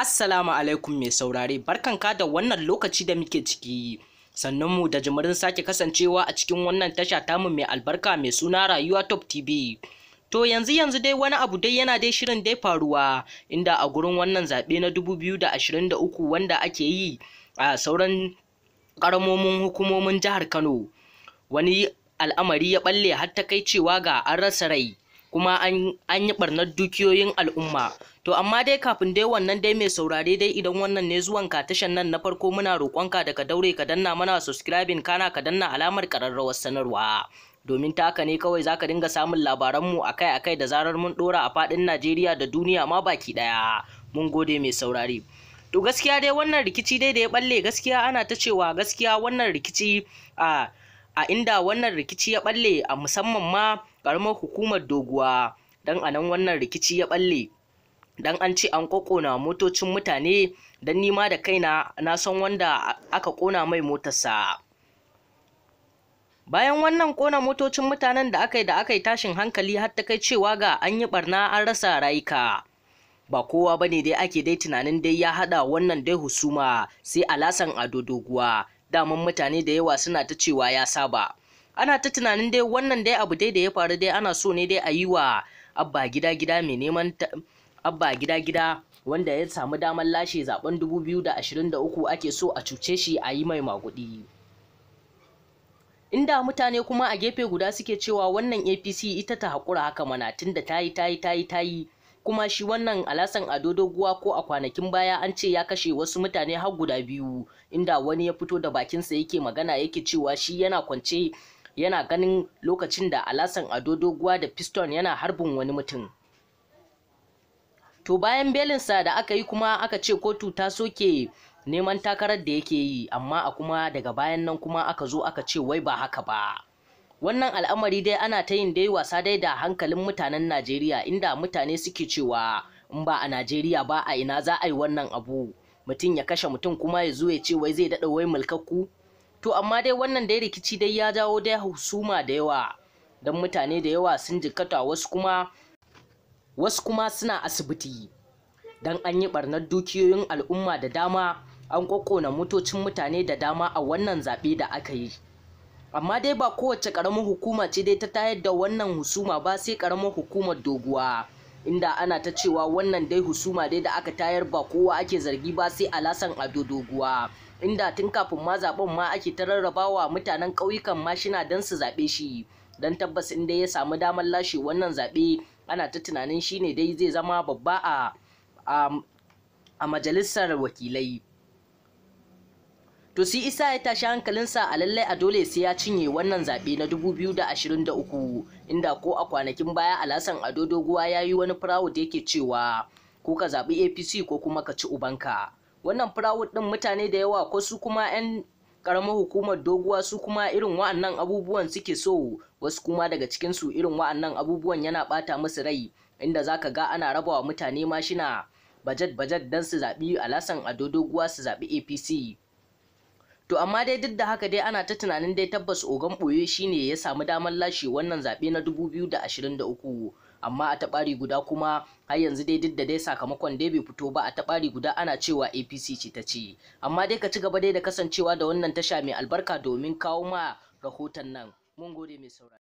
Assalamu alaikum mai saurare barkanka da wannan lokaci da muke ciki sannan mu da jimirin sake kasancewa a cikin wannan tasha tamu mai albarka mai suna rayuwa top tv to yanzu yanzu dai wani abu dai yana dai shirin dai faruwa inda a gurin wannan zaɓe na 2023 wanda ake yi a sauran ƙaramomin hukumomin jihar kano wani al'amari ya balle har ta kai cewa ga an rasa rai kuma an yi ɓarnar dukiyoyin al'umma to amma dai kafin dai wannan dai mai saurare dai idan wannan ne zuwan ka tashan nan na farko muna roƙonka da ka daure ka danna mana subscribing kana ka danna alamar ƙararrawar sanarwa domin ta haka ne kawai zaka dinga samun labaranmu akai-akai da zarar mun ɗora a faɗin Najeriya da duniya ma baki ɗaya mun gode mai saurare to gaskiya dai wannan rikici dai da ya balle gaskiya ana ta cewa gaskiya wannan rikici a a inda wannan rikici ya balle a musamman ma karamar hukumar doguwa don a nan wannan rikici ya balle don an ce an kokona motocin mutane don nima da kaina na san wanda aka kona mai motarsa bayan wannan kona motocin mutanen da aka yi da aka yi tashin hankali har ta kai cewa ga an yi barna an rasa rayuka ba kowa ba ne dai ake dai tunanin dai ya hada wannan dai husuma sai alasan ado doguwa daman mutane da yawa suna ta cewa ya saba ana ta tunanin dai wannan dai abu dai da ya faru dai ana so ne dai a yi wa abba gida gida mai neman abba gida gida wanda ya samu damar lashe zaben 2023 ake so a cuce shi a yi mai magudi inda mutane kuma a gefe guda suke cewa wannan apc ita ta haƙura haka mana tunda tayi tayi tayi tayi kuma shi wannan alasan ado doguwa ko a kwanakin baya an ce ya kashe wasu mutane har guda biyu inda wani ya fito da bakinsa yake magana yake cewa shi yana kwance yana ganin lokacin da alasan ado doguwa da piston yana harbin wani mutum to bayan belinsa da aka yi kuma aka ce kotu ta soke neman takarar da yake yi amma a kuma daga bayan nan kuma aka zo aka ce wai ba haka ba wannan al'amari dai ana ta yin dai wasa dai da hankalin mutanen najeriya inda mutane suke cewa in ba a najeriya ba a ina za a yi wannan abu mutum ya kashe mutum kuma ya zo ya ce wai zai daɗa wai mulkakku to amma dai wannan dai rikici dai ya jawo dai husuma da yawa don mutane da yawa sun jikkata wasu kuma wasu kuma suna asibiti don an yi barnar dukiyoyin al'umma da dama an ƙoƙona motocin mutane da dama a wannan zaɓe da aka yi amma dai ba kowace ƙaramar hukuma ce dai ta tayar da wannan husuma ba sai ƙaramar hukumar doguwa inda ana ta cewa wannan dai husuma dai da aka tayar ba kowa ake zargi ba sai alasan ado doguwa inda tun kafin ma zaben ma ake ta rarrabawa mutanen ƙauyukan mashina don su zaɓe shi don tabbas in dai ya samu damar lashe wannan zaɓe ana ta tunanin shine dai zai zama babba a majalisar wakilai to si isa ya tashi hankalinsa a lallai a dole sai ya cinye wannan zaɓe na 2023 inda ko a kwanakin baya alasan ado doguwa ya yi wani da yake cewa ko ka zaɓi apc ko kuma ka ci ubanka wannan firawud ɗin mutane da yawa ko su kuma 'yan karamar hukumar doguwa su kuma irin wa'annan abubuwan suke so wasu kuma daga su irin wa'annan abubuwan yana ɓata musu rai inda zaka ga ana raba wa mutane mashina bajet bajet don su zaɓi alasan ado doguwa su zaɓi apc To amma dai duk da haka dai ana ta tunanin dai tabbas ogan ɓoye shine ya samu damar lashe wannan zaɓe na 2023. amma a taɓari guda kuma har yanzu dai duk da dai sakamakon dai bai fito ba a taɓari guda ana cewa apc ce ta ce amma dai ka ci gaba dai da kasancewa da wannan tasha mai albarka domin kawo ma rahoton nan mun gode mai saurari